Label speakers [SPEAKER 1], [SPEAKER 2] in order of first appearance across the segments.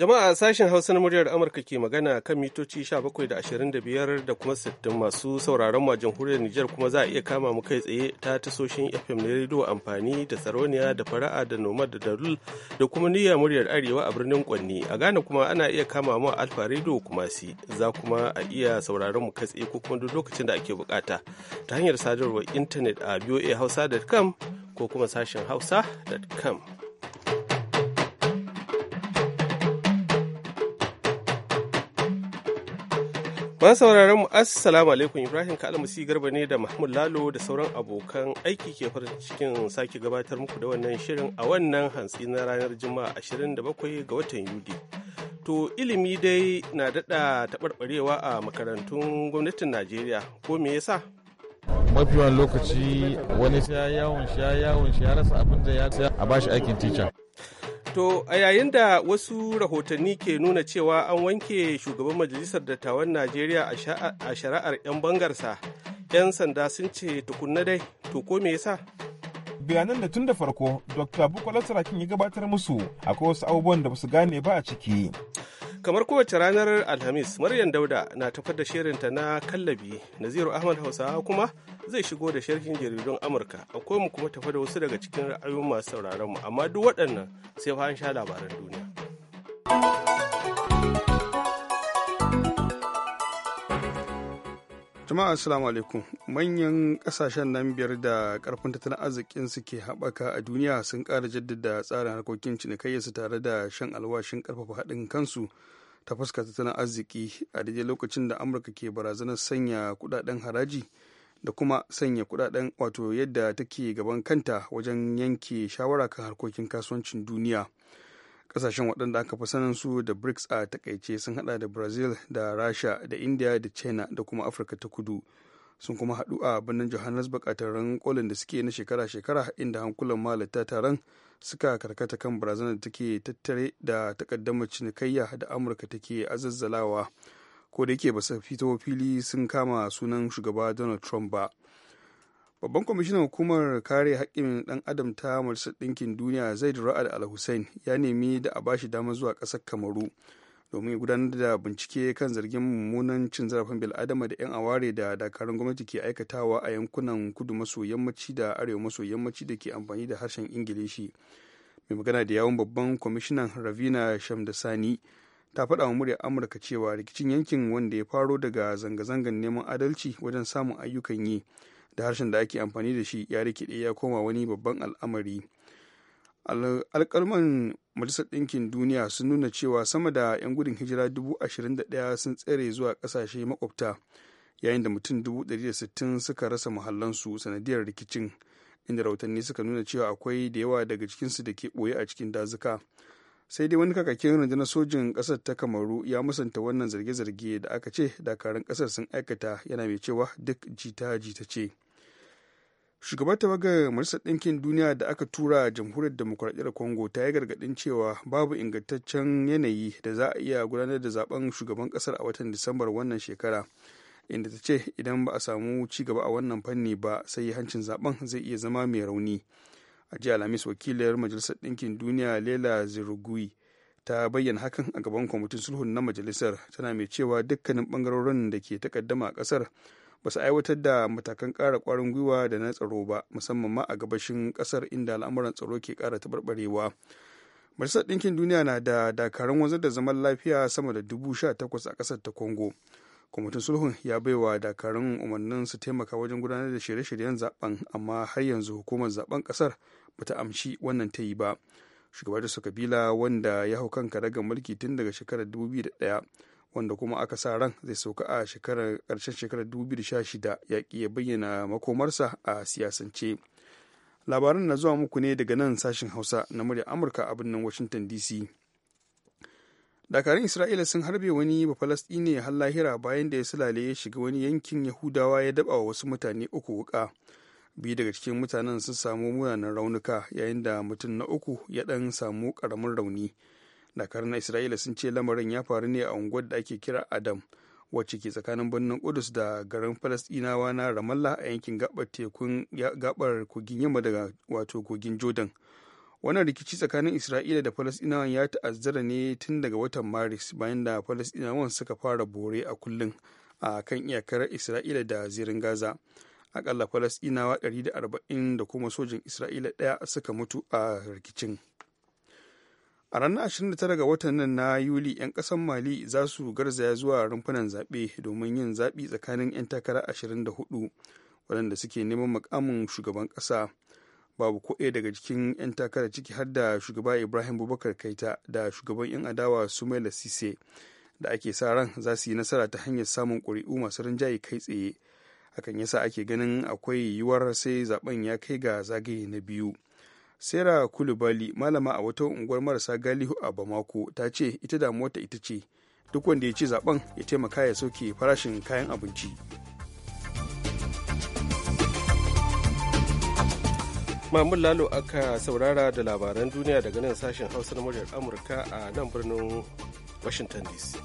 [SPEAKER 1] Jama'a sashen Hausa na muryar Amurka ke magana kan mitoci 17 da 25 da kuma 60 masu sauraron ma jamhuriyar Nijar kuma za a iya kama mu kai tsaye ta tasoshin FM na rediyo amfani da sarauniya da fara'a da nomad da darul da kuma niyyar muryar Arewa a birnin Kwanni. A Ghana kuma ana iya kama mu a Alfa Radio kuma si za kuma a iya sauraron mu kai tsaye ko kuma duk lokacin da ake bukata ta hanyar sadarwar intanet a voahausa.com ko kuma sashen hausa.com. Ban sauraron mu assalamu alaikum Ibrahim Kalmasi Garba ne da Mahmud Lalo da sauran abokan aiki ke farin cikin sake gabatar muku da wannan shirin a wannan hantsi na ranar Juma'a 27 ga watan Yuli. To ilimi dai na daɗa taɓarɓarewa a makarantun gwamnatin Najeriya ko me yasa?
[SPEAKER 2] mafi wani lokaci wani sha yawon sha yawon sha rasa abin da ya a bashi aikin ticca.
[SPEAKER 1] To a yayin da wasu rahotanni ke nuna cewa an wanke shugaban majalisar dattawan Najeriya a shari'ar 'yan bangarsa, 'yan sanda sun ce tukunna dai, to ko
[SPEAKER 3] me yasa? bayanan da tun da farko Dr. Bukola Sarakin ya gabatar musu a wasu abubuwan da ba su gane ba a ciki.
[SPEAKER 1] Kamar kowace ranar Alhamis, Maryam Dauda na tafar da shirinta na kallabi, Naziru Ahmad Hausawa kuma zai shigo da sharhin jaridun Amurka akwai mu kuma tafa da wasu daga cikin ra'ayoyin masu sauraron mu amma duk waɗannan sai fa an sha labaran duniya.
[SPEAKER 4] Jama'a assalamu alaikum manyan kasashen nan biyar da karfin tattalin arzikin su ke haɓaka a duniya sun ƙara jaddada tsarin harkokin cinikayyarsu tare da shan alwashin ƙarfafa haɗin kansu ta fuskar tattalin arziki a daidai lokacin da amurka ke barazanar sanya kudaden haraji da kuma sanya kudaden wato yadda take gaban kanta wajen yanke shawara kan harkokin kasuwancin duniya kasashen waɗanda aka fi sanin su da brics a takaice sun hada da brazil da rasha da india da china da kuma afirka ta kudu sun kuma haɗu a birnin johannesburg a taron kolin da suke na shekara-shekara inda hankulan malata taron suka karkata kan barazanar da take tattare da takaddamar cinikayya da amurka take azazzalawa ko da yake ba su fito fili sun kama sunan shugaba donald trump ba babban kwamishinan hukumar kare haƙƙin ɗan adam ta majalisar ɗinkin duniya zaid ra'ad al-hussein ya nemi da a bashi damar zuwa ƙasar kamaru domin gudanar da bincike kan zargin mummunan cin zarafin bil'adama da 'yan aware da dakarun gwamnati ke aikatawa a yankunan kudu maso yammaci da arewa maso yammaci da ke amfani da harshen ingilishi mai magana da yawon babban kwamishinan ravina shamdasani ta faɗa wa muryar amurka cewa rikicin yankin wanda ya faro daga zanga zangan neman adalci wajen samun ayyukan yi da harshen da ake amfani da shi ya rikide ya koma wani babban al'amari alkalman majalisar ɗinkin duniya sun nuna cewa sama da 'yan gudun hijira 21,000 sun tsere zuwa ƙasashe makwabta yayin da mutum 160 suka rasa muhallansu sanadiyar rikicin inda rahotanni suka nuna cewa akwai da yawa daga cikinsu da ke ɓoye a cikin dazuka sai dai wani kakakin rundunar sojin ƙasar ta kamaru ya musanta wannan zarge-zarge da aka ce dakarun ƙasar sun aikata yana mai cewa duk jita-jita ce shugaban tawagar majalisar ɗinkin duniya da aka tura jamhuriyar demokuraɗiyyar congo ta yi gargaɗin cewa babu ingantaccen yanayi da za a iya gudanar da zaben shugaban ƙasar a watan disambar wannan shekara inda ta ce idan ba a samu ci gaba a wannan fanni ba sai hancin zaben zai iya zama mai rauni a jiya alhamis wakilar majalisar ɗinkin duniya lela zirugui ta bayyana hakan a gaban kwamitin sulhun na majalisar tana mai cewa dukkanin bangarorin da ke takaddama a kasar ba su aiwatar da matakan ƙara kwarin gwiwa da na tsaro ba musamman ma a gabashin kasar inda al'amuran tsaro ke kara taɓarɓarewa majalisar ɗinkin duniya na da dakarun wanzar da zaman lafiya sama da dubu sha takwas a kasar ta kongo kwamitin sulhun ya baiwa dakarun umarnin su taimaka wajen gudanar da shirye-shiryen zaben amma har yanzu hukumar zaben ƙasar bata amshi wannan ta yi ba shugaban su kabila wanda ya hau kanka daga mulki tun daga shekarar 2001 wanda kuma aka sa ran zai sauka a shekarar karshen shekarar 2016 ya ya bayyana makomarsa a siyasance labaran na zuwa muku ne daga nan sashen hausa na murya amurka a birnin washington dc dakarun isra'ila sun harbe wani bafalastini har lahira bayan da ya sulale ya shiga wani yankin yahudawa ya daba wasu mutane uku wuka biyu daga cikin mutanen sun samu munanan raunuka yayin da mutum na uku ya dan samu karamin rauni dakar na isra'ila sun ce lamarin ya faru ne a unguwar da ake kira adam wacce ke tsakanin birnin kudus da garin falastinawa na ramallah a yankin gabar tekun gabar kogin yamma daga wato kogin jordan wannan rikici tsakanin isra'ila da falastinawan ya ta'azzara ne tun daga watan maris bayan da falastinawan suka fara bore a kullun a kan iyakar isra'ila da zirin gaza akalla falasɗinawa 140 da kuma sojin isra'ila ɗaya suka mutu a rikicin a ranar 29 ga watan nan na yuli 'yan kasan mali za su garzaya zuwa rumfunan zaɓe domin yin zaɓi tsakanin 'yan takara 24 waɗanda suke neman makamin shugaban ƙasa babu ko ɗaya daga cikin 'yan takara ciki har da shugaba ibrahim bubakar kaita da shugaban 'yan adawa sumaila sise da ake sa ran za su yi nasara ta hanyar samun ƙuri'u masu rinjaye kai tsaye hakan yasa ake ganin akwai yiwuwar sai zaben ya kai ga zagaye na biyu sera kulubali malama a wata unguwar marasa galihu a bamako ta ce ita damuwarta ita ce duk wanda ya ci zaben ya taimaka ya sauke farashin kayan abinci
[SPEAKER 1] Mamun Lalo aka saurara da labaran duniya daga nan sashen Hausa na muryar Amurka a nan birnin Washington DC.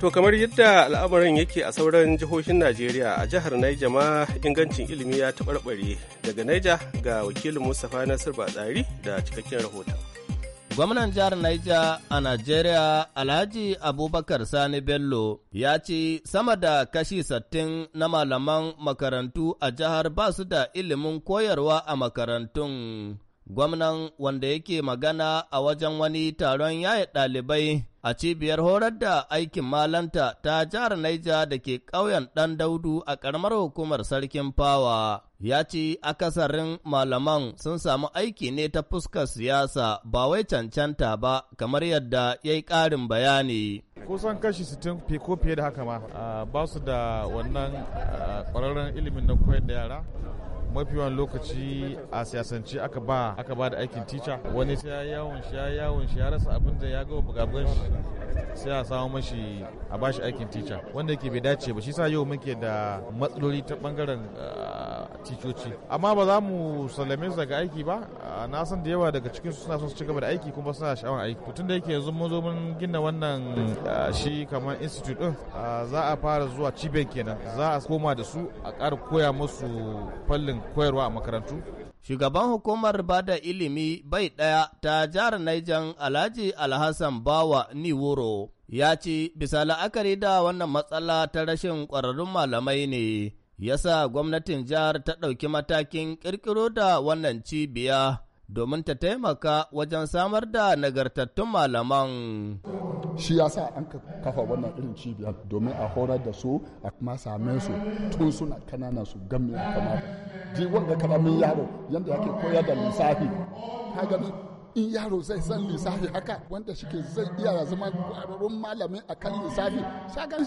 [SPEAKER 1] To kamar yadda al'amarin yake a sauran jihohin Najeriya a jihar Naija ma ingancin ilimi ya taɓarɓare daga Naija ga wakilin Mustapha Nasir Batsari da cikakken rahoton.
[SPEAKER 5] Gwamnan jihar Naija a Najeriya Alhaji Abubakar Sani Bello ya ce sama da kashi sattin na malaman makarantu a jihar ba su da ilimin koyarwa a makarantun. Gwamnan wanda yake magana a wajen wani taron yaya ɗalibai a cibiyar horar da aikin malanta ta jihar Naija da ke ƙauyen ɗan daudu a ƙaramar hukumar sarkin fawa. Ya ce akasarin malaman sun samu aiki ne ta fuskar siyasa ba wai cancanta ba kamar yadda ya yi ƙarin bayani.
[SPEAKER 2] kusan kashi 60 ko fiye da haka ma ah, ba su da wannan ah, ƙwararren ilimin na koyar da yara mafi yawan lokaci a siyasance aka ba aka ba da aikin tica wani sai ya yawon shi ya yawon shi ya rasa abin da ya gama bugabugan shi sai a samu mashi a ba shi aikin tica wanda yake bai dace ba shi sa yau muke da matsaloli ta bangaren ah, ticoci amma ba za mu sallame su daga aiki ba ah, na san da yawa daga cikin su suna son su ci gaba da aiki kuma suna sha'awar aiki tun da yake yanzu mun zo mun gina wannan ah, shi kamar institute din za a fara zuwa cibiyar kenan za a koma da su a ƙara koya musu fallin koyarwa a makarantu? Shugaban hukumar bada
[SPEAKER 5] ilimi bai ɗaya ta jihar Naijan Alhaji Alhassan Bawa Niworo ya ce bisa la'akari da wannan matsala ta rashin ƙwararrun malamai ne yasa gwamnatin jihar ta ɗauki matakin ƙirƙiro da wannan cibiya domin ta taimaka wajen samar da nagartattun malaman.
[SPEAKER 4] Shi ya sa an kafa wannan irin cibiyar domin a horar da su a kuma same su tun suna
[SPEAKER 6] kanana su a kamar. Ji wanda karamin yaro yadda yake koyar da lissafi. Ka gani in yaro zai san lissafi haka wanda shike zai iya zama kwararrun malami a kan lissafi shagan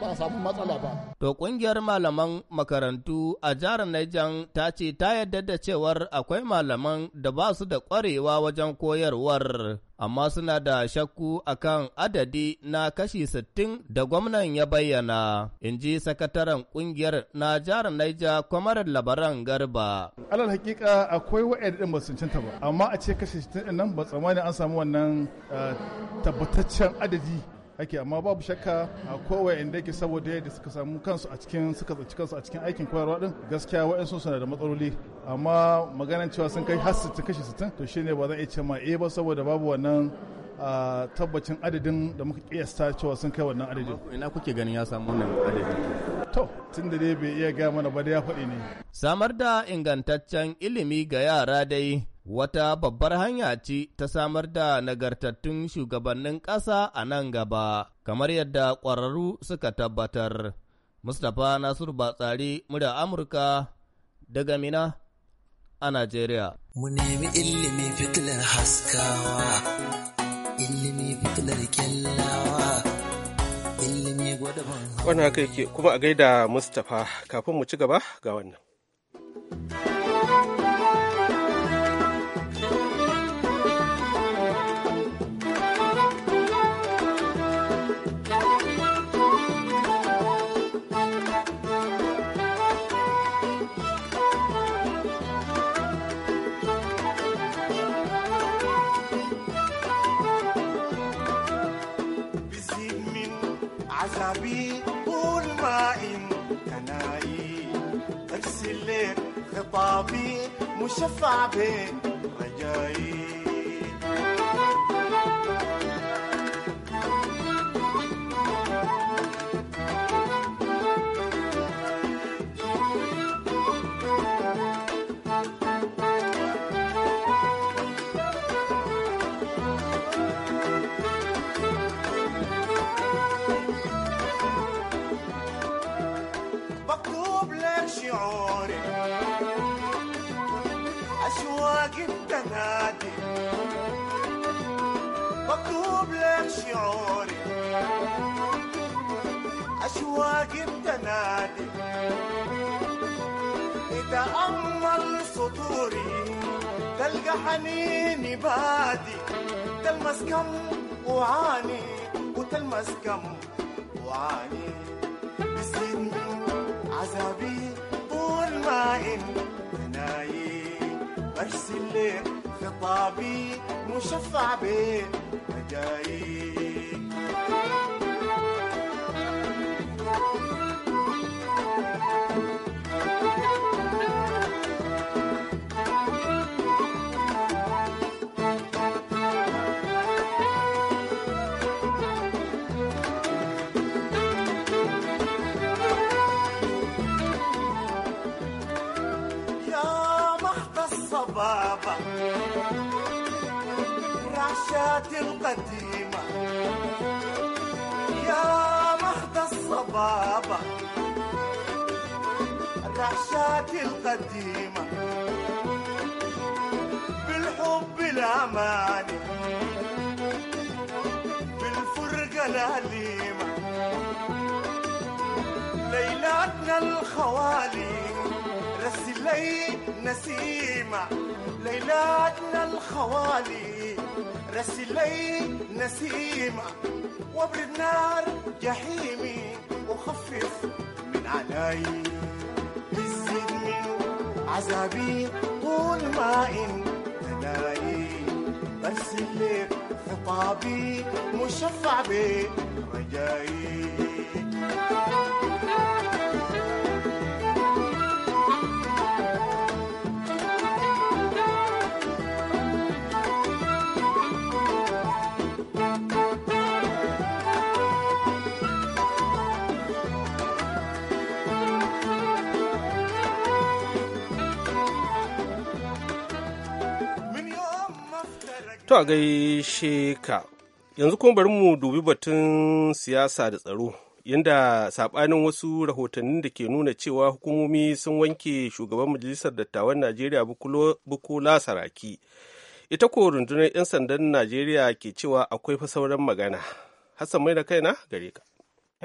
[SPEAKER 6] ba samu matsala ba.
[SPEAKER 5] To kungiyar malaman makarantu a jihar Niger ta ce ta yadda da cewar akwai malaman da ba su da kwarewa wajen koyarwar amma suna da shakku akan adadi na kashi 60 da gwamnan ya bayyana, in ji sakataren kungiyar na jihar Naija kwamar labaran garba.
[SPEAKER 2] Alal hakika akwai wa'adin ba su ba, amma a ce kashi 60 nan ba tsammani an samu wannan eh, tabbataccen adadi ake amma babu shakka a kowai inda yake saboda yadda suka samu kansu a cikin suka tsaci kansu a cikin aikin koyarwa din gaskiya wa'ansu suna da matsaloli amma maganan cewa sun kai har sittin kashi sittin to shine ba zan iya ce ma eh ba saboda babu wannan a tabbacin adadin da muka kiyasta cewa sun kai wannan adadin. Ina kuke ganin ya samu wannan
[SPEAKER 5] adadin?
[SPEAKER 2] To, tun da dai
[SPEAKER 5] bai iya gaya mana
[SPEAKER 2] ba da ya faɗi ne.
[SPEAKER 5] Samar da ingantaccen ilimi ga yara dai wata babbar hanya ce ta samar da nagartattun shugabannin ƙasa a nan gaba, kamar yadda ƙwararru suka tabbatar. Mustapha Nasiru Batsari, murya Amurka, daga Mina a Najeriya.
[SPEAKER 7] Mu nemi ilimi fitilar
[SPEAKER 6] haskawa, ilimi fitilar kyallawa.
[SPEAKER 1] Wannan haka yake kuma a gaida Mustapha kafin mu ci gaba ga wannan.
[SPEAKER 8] pavi mushafabe rajai جبت نادي يتأمل سطوري تلقى حنيني بادي تلمس كم وعاني وتلمس كم وعاني بسن عذابي طول ما انت نايم برسل لك خطابي مشفع بين مجايب القديمة يا محض الصبابة الرعشات القديمة بالحب الأمان بالفرقة الأليمة ليلاتنا الخوالي رسلي نسيمة ليلاتنا الخوالي راس الليل نسيمة وابرد نار جحيمي وخفف من علي بالزيد من عذابي طول ما انت نايم برسل لك خطابي مشفع برجائي
[SPEAKER 1] To a gaishe ka, yanzu kuma bari mu dubi batun siyasa da tsaro, yadda saɓanin wasu rahotannin da ke nuna cewa hukumomi sun wanke shugaban majalisar dattawan Najeriya Bukola Saraki. Ita ko rundunar 'yan sandan Najeriya ke cewa akwai fa sauran magana. Hassan mai da kaina gare ka.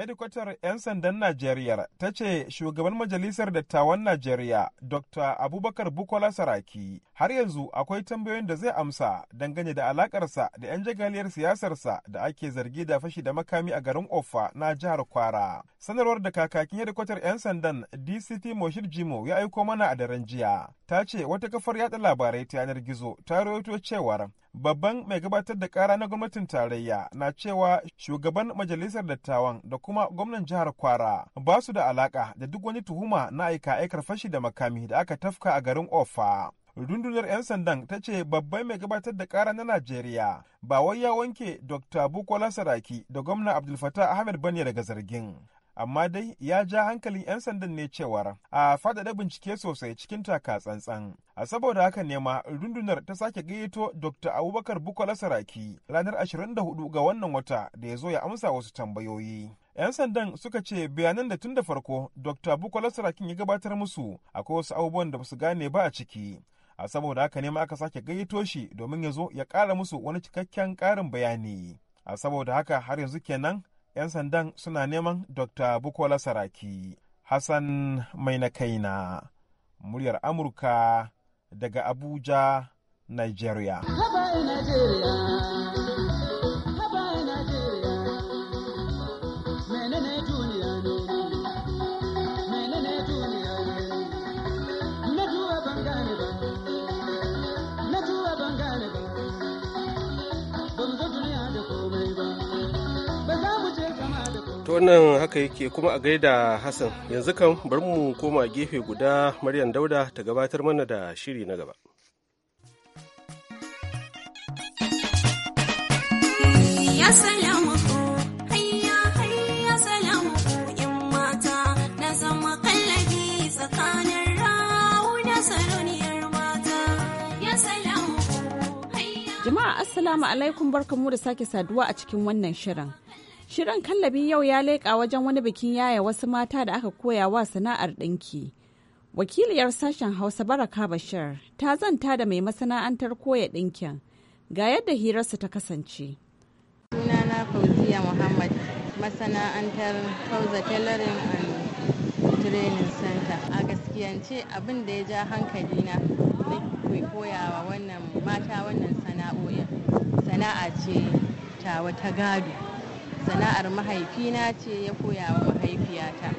[SPEAKER 3] hedikwatar 'yan sandan Najeriya ta ce shugaban majalisar dattawan Najeriya Dr. Abubakar Bukola Saraki har yanzu akwai tambayoyin da zai amsa dangane da alakarsa da 'yan jagaliyar siyasarsa da ake zargi da fashi da makami a garin ofa na jihar Kwara. Sanarwar da kakakin hedikwatar 'yan sandan DCT Moshir Jimo ya aiko mana a daren jiya ta ce wata kafar yada labarai ta yanar gizo ta rawaito cewar babban mai gabatar da kara na gwamnatin tarayya na cewa shugaban majalisar dattawan da kuma gwamnan jihar kwara ba su da alaka da duk wani tuhuma na aika aikar fashi da makami da aka tafka a garin ofa rundunar 'yan sandan ta ce babban mai gabatar da kara na najeriya ba wai ya wanke dr bukola saraki da gwamna abdulfatah ahmed bane daga zargin amma dai ya ja hankalin 'yan sandan ne cewar a fadada bincike sosai cikin taka tsantsan. A saboda haka nema rundunar ta sake gayyato Dr. Abubakar Bukola Saraki ranar 24 ga wannan wata da ya zo ya amsa wasu tambayoyi. 'Yan sandan suka ce bayanan da tun da farko Dr. Bukola Sarakin ya gabatar musu akwai wasu abubuwan da basu gane ba a ciki. a saboda haka nema aka sake gayyato shi domin ya zo ya ƙara musu wani cikakken ƙarin bayani a saboda haka har yanzu kenan 'yan sandan suna neman dr bukola saraki hassan mai na muryar amurka daga abuja nigeria
[SPEAKER 1] to wannan haka yake kuma a gaida hassan yanzu kan bar mu koma gefe guda maryam dauda ta gabatar mana da shiri na gaba
[SPEAKER 9] Jama'a Assalamu alaikum barkamu da sake saduwa a cikin wannan shirin. Shirin kallabi yau ya leƙa wajen wani bikin yaya wasu mata da aka koya wa sana'ar ɗinki. Wakiliyar sashen Hausa Baraka Bashir ta zanta da mai masana'antar koya ɗinkin ga yadda hirarsu ta kasance. Sunana Fauziya Muhammad masana'antar Fauza Tailoring and Training Center. A gaskiyance abin da ya ja hankali na koyawa wannan mata wannan sana'o'in sana'a ce ta wata gado. sana'ar mahaifina ce ya koya wa mahaifiyata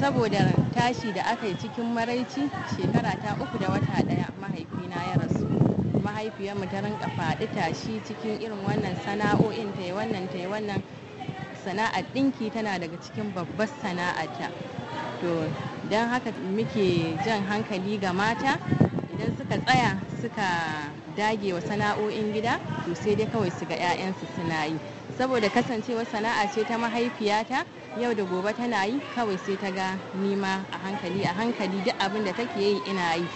[SPEAKER 9] saboda tashi da aka yi cikin maraici shekara ta uku da wata daya mahaifina ya rasu mahaifiyarmu ta rinka faɗi tashi cikin irin wannan sana'o'in ta yi wannan ta wannan sana'ar ɗinki tana daga cikin babbar sana'arta to don haka muke jan hankali ga mata idan suka tsaya suka dagewa sana'o'in gida to sai dai kawai su ga 'ya'yansu suna yi saboda kasancewa sana'a ce ta mahaifiyata yau da gobe tana yi kawai sai ta ga nima a hankali a hankali duk abin da take yi ina yi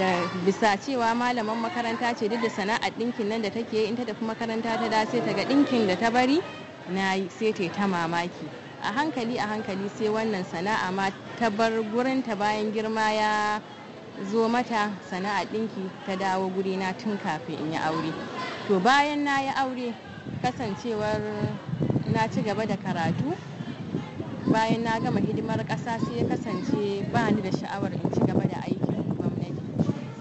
[SPEAKER 9] da bisa cewa malaman makaranta ce duk da sana'ar ɗinkin nan da take yi in ta tafi makaranta ta da sai ta ga ɗinkin da ta bari na yi sai ta yi ta mamaki a hankali a hankali sai wannan sana'a ma ta bar gurinta bayan girma ya zo mata sana'a ɗinki ta dawo gurina tun kafin in yi aure to bayan na yi aure kasancewar na ci gaba da karatu bayan na gama hidimar ƙasa sai ya kasance ba ni da sha'awar in ci gaba da aikin gwamnati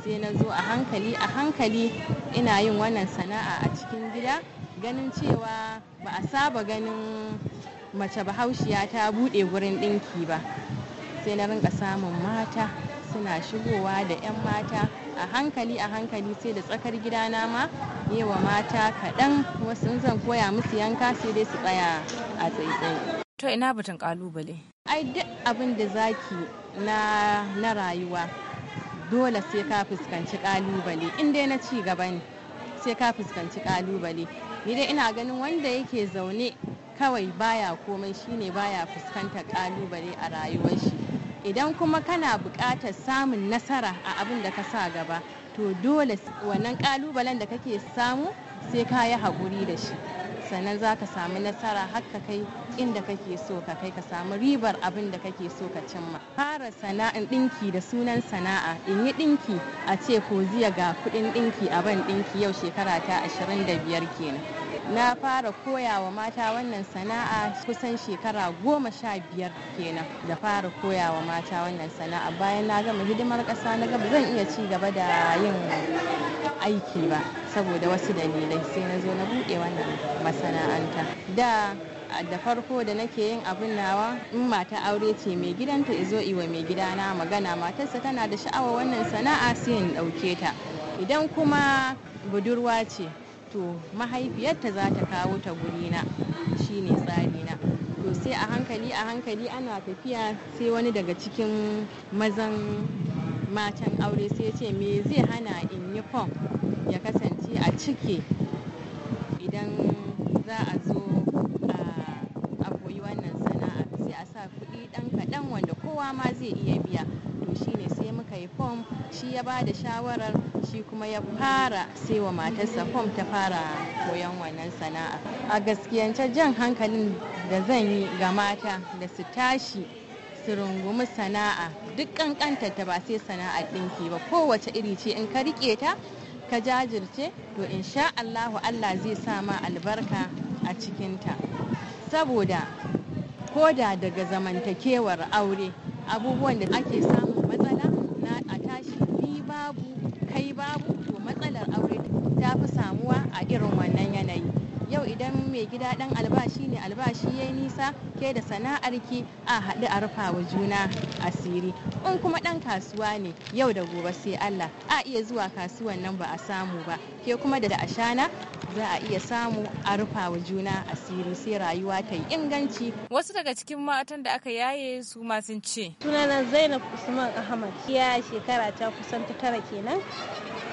[SPEAKER 9] sai na zo a hankali a hankali ina yin wannan sana'a a cikin gida ganin cewa ba a saba ganin mace bahaushiya ta buɗe wurin ɗinki ba sai na rinka samun mata suna shigowa da 'yan mata a hankali a hankali sai da tsakar gidana ma wa mata kaɗan wasu zan koya musu yanka sai dai su tsaya a tsaitsaye. To ina batun kalubale? Ai duk abin da zaki na, na rayuwa dole sai ka fuskanci kalubale in dai na ci gaba ne sai ka fuskanci kalubale ni dai ina ganin wanda yake zaune kawai baya komai shine baya fuskantar ƙalubale a rayuwar shi idan kuma kana buƙatar samun nasara a abin da ka sa gaba to dole wannan ƙalubalen da kake samu sai ka yi haƙuri da shi sannan za ka samu nasara har ka kai inda kake so ka kai ka samu ribar abin da kake so ka cimma fara sana'a ɗinki da sunan sana'a in yi ɗinki a ce ko ziya ga kuɗin ɗinki a ban ɗinki yau shekara ta 25 kenan na fara koya wa mata wannan sana'a kusan shekara goma sha biyar kenan da fara koya wa mata wannan sana'a bayan na gama hidimar ƙasa na gaba zan iya ci gaba da yin aiki ba saboda wasu dalilai sai na zo na buɗe wannan masana'anta da da farko da nake yin abin nawa in mata aure ce mai gidanta izo iwa mai gida na magana matarsa tana da sha'awa wannan sana'a sai in ɗauke ta idan kuma budurwa ce to mahaifiyarta za ta kawo ta gurina shine tsari na to sai a hankali a hankali ana tafiya sai wani daga cikin mazan matan aure sai ce me zai hana in yi fom ya kasance a cike idan za a zo a koyi wannan sana'a sai a sa kuɗi ɗan kaɗan wanda kowa ma zai iya biya aka yi fom shi ya ba da shawarar shi kuma ya fara sai wa matarsa fom ta fara koyon wannan sana'a a gaskiyance jan hankalin da zan yi ga mata da su tashi su rungumi sana'a duk kankanta ta ba sai sana'ar ɗinki ba kowace iri ce in ka rike ta ka jajirce to insha Allahu Allah zai sa ma albarka a cikinta saboda koda daga zamantakewar aure abubuwan da ake samu kai babu to matsalar aure ta fi samuwa a irin wannan yanayi yau idan mai gida ɗan albashi ne albashi ya nisa ke da sana'arki a haɗu a rufa wa juna asiri in kuma ɗan kasuwa ne yau da gobe sai Allah a iya zuwa kasuwan nan ba a samu ba ke kuma da ashana za a iya samu a rufa wa juna asiri sai rayuwa ta yi inganci. Wasu daga cikin matan da aka yaye su ma sun ce. Sunana Zainab Usman Ahmad ya shekara ta kusan ta tara kenan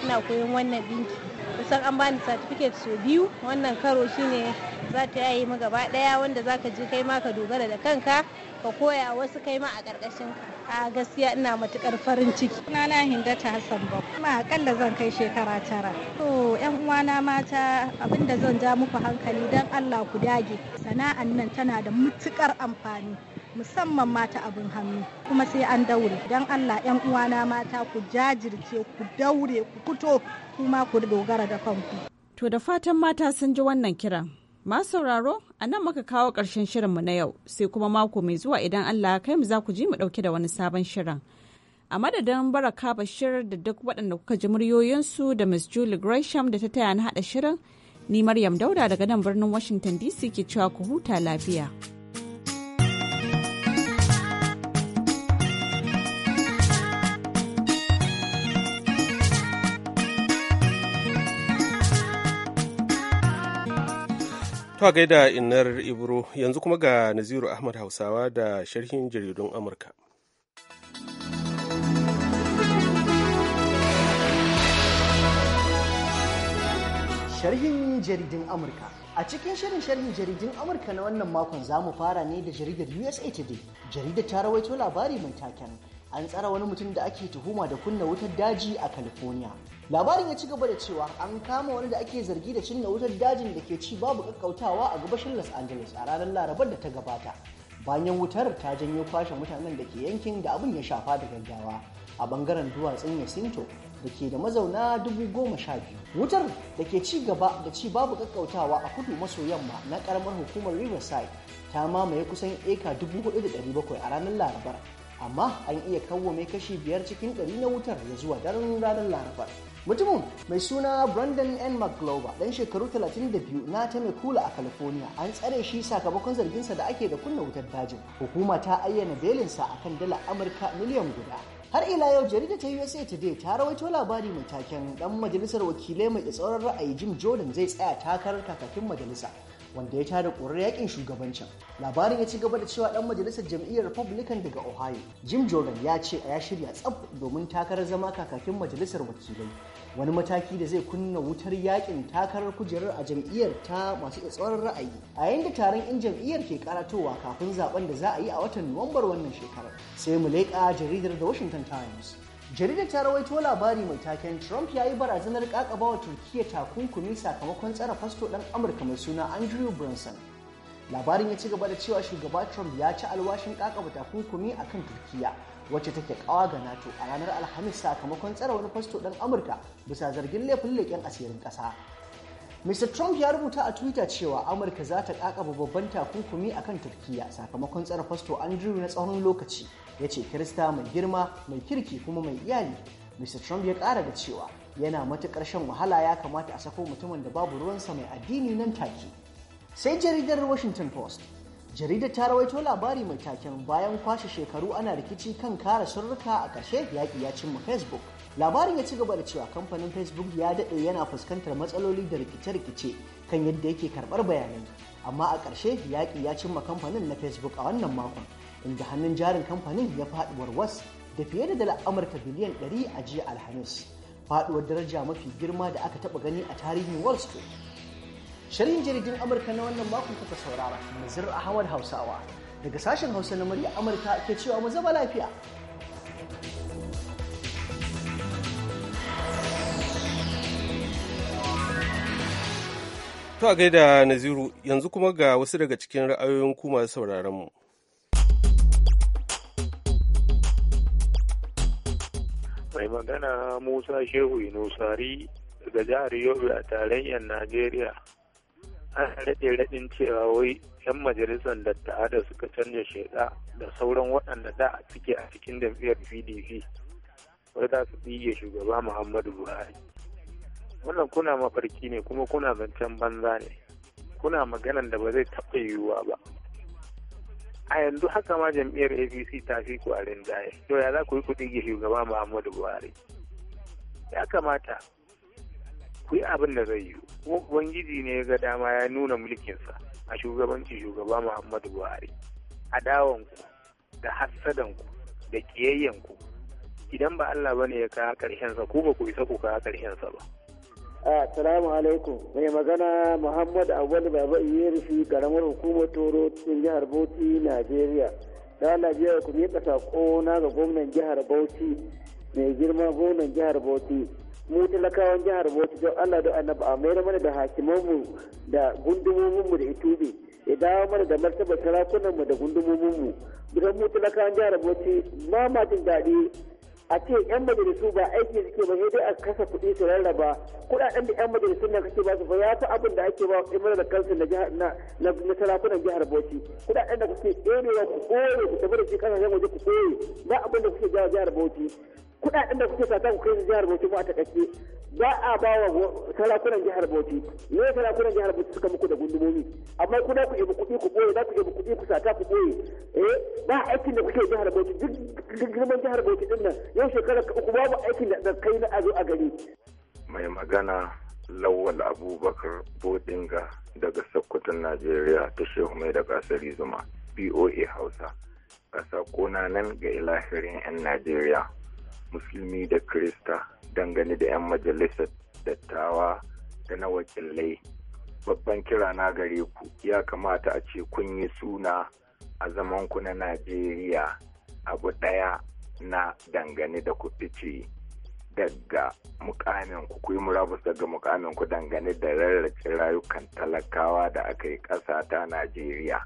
[SPEAKER 9] ina koyon wannan dinki. Kusan an bani satifiket sau biyu wannan karo shine za ta yaye mu gaba ɗaya wanda ka je kai ma ka dogara da kanka ka koya wasu kai ma a ƙarƙashin A gaskiya ina matukar farin ciki. na Sunana ta Hassan Bab. Kuma akalla zan kai shekara tara. To yan uwana mata abinda zan ja muku hankali dan Allah ku dage. Sana'an nan tana da matukar amfani. musamman mata abin hannu kuma sai an daure don allah yan uwana mata ku jajirce ku daure ku fito kuma ku dogara da kanku to da fatan mata sun ji wannan kiran Masu sauraro, a nan muka kawo ƙarshen shirinmu na yau, sai kuma mako mai zuwa idan Allah kai mu za ku ji mu ɗauke da wani sabon shirin. A madadin baraka bashir da duk waɗanda kuka ji muryoyinsu da Miss Julie Gresham da ta taya na haɗa shirin, ni Maryam Dauda daga nan birnin Washington DC ke cewa ku huta lafiya.
[SPEAKER 1] To gaida inar Ibro yanzu kuma ga Naziru Ahmad Hausawa da sharhin jaridun Amurka.
[SPEAKER 10] Sharhin jaridun Amurka A cikin shirin sharhin jaridun Amurka na wannan makon za mu fara ne da jaridar USA Today. Jaridar ta rawaito labari mai taken an tsara wani mutum da ake tuhuma da kunna wutar daji a california labarin ya ci gaba da cewa an kama wani da ake zargi da cinna wutar dajin da ke ci babu kakkautawa a gabashin los angeles a ranar larabar da ta gabata bayan wutar ta janyo kwashe mutanen da ke yankin da abin ya shafa da gaggawa a bangaren duwatsun yasinto da ke da mazauna dubu goma sha biyu wutar da ke ci gaba da ci babu kakkautawa a kudu maso yamma na karamar hukumar riverside ta mamaye kusan eka 4,700 a ranar larabar amma an iya kawwame kashi biyar cikin ɗari na wutar ya zuwa daren ranar larabar mutumin mai suna brandon n mcglover dan shekaru 32 na ta mai kula a california an tsare shi sakamakon zarginsa da ake da kunna wutar dajin hukuma ta ayyana belinsa kan dala amurka miliyan guda har ila yau jarida ta usa today ta rawaito labari mai taken dan majalisar wakilai mai tsoron ra'ayi jim jordan zai tsaya takarar kakakin majalisa wanda ya tada ƙurar yakin shugabancin labarin ya ci gaba da cewa dan majalisar jam'iyyar republican daga ohio jim jordan ya ce a ya shirya tsaf domin takarar zama kakakin majalisar wakilai wani mataki da zai kunna wutar yakin takarar kujerar a jam'iyyar ta masu tsoron ra'ayi a yayin da taron in jam'iyyar ke karatowa kafin zaben da za a yi a watan nuwambar wannan shekarar sai mu leƙa jaridar da washington times jaridar ta rawaito labari mai taken trump ya yi barazanar kakaba wa turkiyya takunkumi sakamakon tsara fasto ɗan amurka mai suna andrew brunson labarin ya ci gaba da cewa shugaba trump ya ci alwashin kakaba takunkumi a kan turkiyya wacce take kawa ga nato a ranar alhamis sakamakon tsara wani fasto ɗan amurka bisa zargin laifin leƙen asirin ƙasa Mr. Trump ya rubuta a Twitter cewa Amurka za ta kakaba babban takunkumi a kan Turkiyya sakamakon tsara fasto Andrew na tsawon lokaci ya ce kirista mai girma mai kirki kuma mai iyali mr trump ya kara da cewa yana matukar shan wahala ya kamata a sako mutumin da babu ruwan sa mai addini nan take sai jaridar washington post jaridar ta rawaito labari mai taken bayan kwashe shekaru ana rikici kan kara sirrika a ƙarshe yaƙi ya cimma facebook labarin ya ci gaba da cewa kamfanin facebook ya daɗe yana fuskantar matsaloli da rikice-rikice kan yadda yake karɓar bayanai amma a ƙarshe yaƙi ya cimma kamfanin na facebook a wannan makon inda hannun jarin kamfanin ya faɗi warwas da fiye da dala amurka biliyan 100 a jiya alhamis faɗuwar daraja mafi girma da aka taɓa gani a tarihin wall street shirin jirgin amurka na wannan makon kuka saurara nazir ahmad hausawa daga sashen hausa na murya amurka ke cewa mu zama lafiya
[SPEAKER 1] To a gaida Naziru yanzu kuma ga wasu daga cikin ra'ayoyin kuma masu sauraron mu.
[SPEAKER 7] mai magana musa shehu inusari daga jihar yobe a tarayyar najeriya an raɗe raɗin cewa wai 'yan majalisar dattawa da suka canja sheda da sauran waɗanda da suke a cikin jam'iyyar pdp wai za su ɗige shugaba muhammadu buhari wannan kuna mafarki ne kuma kuna zancen banza ne kuna maganan da ba zai taɓa yiwuwa ba a yanzu haka ma jam'iyyar abc ta fi ku a rinjaye to ya za ku yi kuɗi ga shugaba muhammadu buhari ya kamata ku yi abin da zai yi kuma ubangiji ne ya ga dama ya nuna mulkinsa a shugabanci shugaba muhammadu buhari adawanku da hassadanku da ƙiyayyanku idan ba allah ne ya kawo ƙarshensa ku ba ku isa ku kawo ƙarshensa ba
[SPEAKER 6] Assalamu alaikum mai magana Muhammad Awal Baba Iyerifi karamar hukumar Toro cikin jihar Bauchi Najeriya. Da Najeriya ku miƙa sako na ga gwamnan jihar Bauchi mai girma gwamnan jihar Bauchi. Mu talakawan jihar Bauchi don Allah da annabi a mayar mana da hakimanmu da gundumominmu da itube. ya dawo mana da martaba sarakunanmu da gundumominmu. Don mu talakawan jihar Bauchi ba ma jin daɗi a ce yan majalisu ba aiki suke ba dai a kasa kuɗi su rarraba kuɗaɗen da yan majalisun na kake ba su ba ya fi abin da ake ba imar da kansu na na sarakunan jihar Bauchi kuɗaɗen da kuke ɗorewa ku ɓoye ku tafi da shi kasashen waje ku ɓoye ba abin da kuke jihar Bauchi kuɗaɗen da kuke sata ku kai jihar Bauchi ba ta kake ba a ba wa sarakunan jihar Bauchi ne sarakunan jihar Bauchi suka muku da gundumomi amma ku da ku ibi kuɗi ku boye za ku ibi kuɗi ku sata ku boye eh ba aikin da kuke jihar Bauchi duk girman jihar Bauchi din nan yau shekara uku babu aikin da kai na azo a gari
[SPEAKER 7] mai magana lawal abubakar bodinga daga sokoton najeriya ta shehu mai da kasari zuma boa hausa ƙasa kona nan ga ilahirin 'yan najeriya musulmi da krista dangane da 'yan majalisar dattawa da na wakilai babban kira na gare ku ya kamata a ce kun yi suna a zamanku na najeriya abu ɗaya na dangane da ku fice daga mukamin ku kuyi murabus daga mukamin ku dangane da rarrace rayukan talakawa da aka yi ƙasa ta najeriya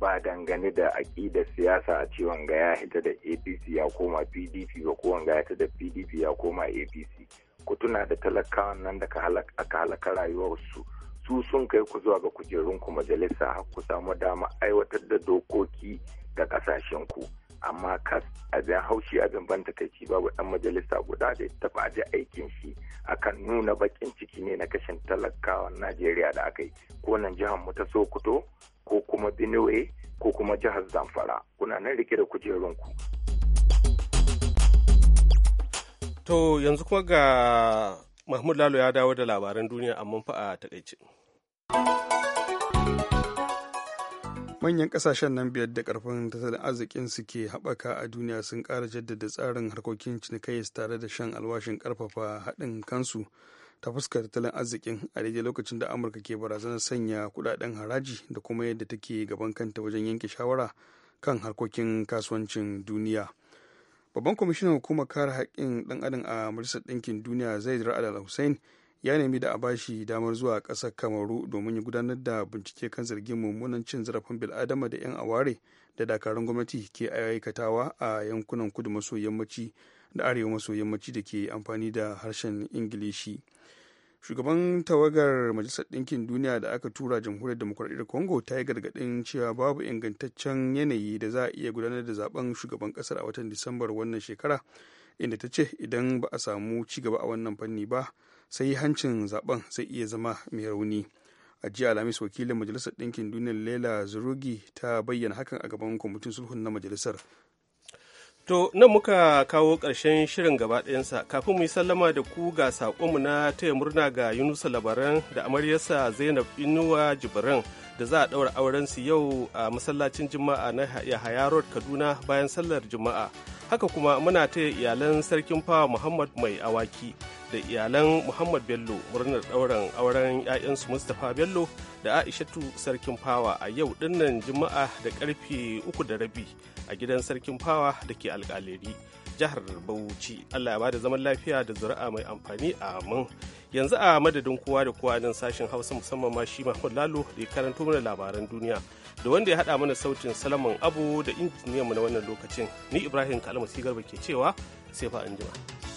[SPEAKER 7] ba dangane da aƙidar siyasa a ce wanga ya hita da apc ya koma pdp ba ko wanga ya hita da pdp ya koma apc ku tuna da talakawan nan da aka halaka rayuwarsu su sun kai ku zuwa ga kujerunku majalisa har ku samu dama aiwatar da dokoki da ƙasashenku amma kas a abin haushi a ban takaici babu dan majalisa guda da ya taba aje aikin shi akan nuna bakin ciki ne na kashin talakawan najeriya da aka yi ko nan jihar mu ta sokoto ko kuma benue ko kuma jihar zamfara kuna nan rike da kujerun
[SPEAKER 1] to yanzu kuma ga mahmud lalo ya dawo da labaran duniya amma fa a takaice
[SPEAKER 4] manyan kasashen nan biyar da karfin tattalin arzikin su ke haɓaka a duniya sun ƙara jaddada tsarin harkokin cinikayya tare da shan alwashin karfafa haɗin kansu ta fuskar tattalin arzikin a daidai lokacin da amurka ke barazanar sanya kuɗaɗen haraji da kuma yadda take gaban kanta wajen yanke shawara kan harkokin kasuwancin duniya babban kwamishinan hukumar kare haƙƙin ɗan adam a majalisar ɗinkin duniya zaid ra'ad al-hussein ya nemi da a bashi damar zuwa ƙasar kamaru domin ya gudanar da bincike kan zargin mummunan cin zarafin bil'adama da 'yan aware da dakarun gwamnati ke aikatawa a yankunan kudu maso yammaci da arewa maso yammaci da ke amfani da harshen ingilishi shugaban tawagar majalisar ɗinkin duniya da aka tura jamhuriyar demokuraɗiyyar congo ta yi gargaɗin cewa babu ingantaccen yanayi da za a iya gudanar da zaben shugaban ƙasar a watan disambar wannan shekara inda ta ce idan ba a samu ci gaba a wannan fanni ba sai hancin zaben zai iya zama mai rauni a jiya alhamis wakilin majalisar ɗinkin duniyar lela zurugi ta bayyana hakan a gaban kwamitin sulhun na majalisar to nan muka
[SPEAKER 1] kawo karshen shirin gaba ɗayansa kafin mu yi sallama da ku ga saƙonmu na taya murna ga yunusa labaran da amaryarsa zainab inuwa jibran da za a ɗaura aurensu yau a masallacin juma'a na yahaya road kaduna bayan sallar juma'a haka kuma muna taya iyalan sarkin fawa muhammad mai awaki da iyalan muhammad bello murnar ɗauran auren 'ya'yansu mustapha bello da aishatu sarkin fawa a yau dinnan juma'a da karfe uku da rabi a gidan sarkin fawa da ke alkaleri jihar bauchi allah ya bada zaman lafiya da zuri'a mai amfani a amin yanzu a madadin kowa da kowa nan sashen hausa musamman ma shi mahmud lalo da ya karanto mana labaran duniya da wanda ya haɗa mana sautin salaman abu da injiniyanmu na wannan lokacin ni ibrahim kalmasi garba ke cewa sai fa anjima.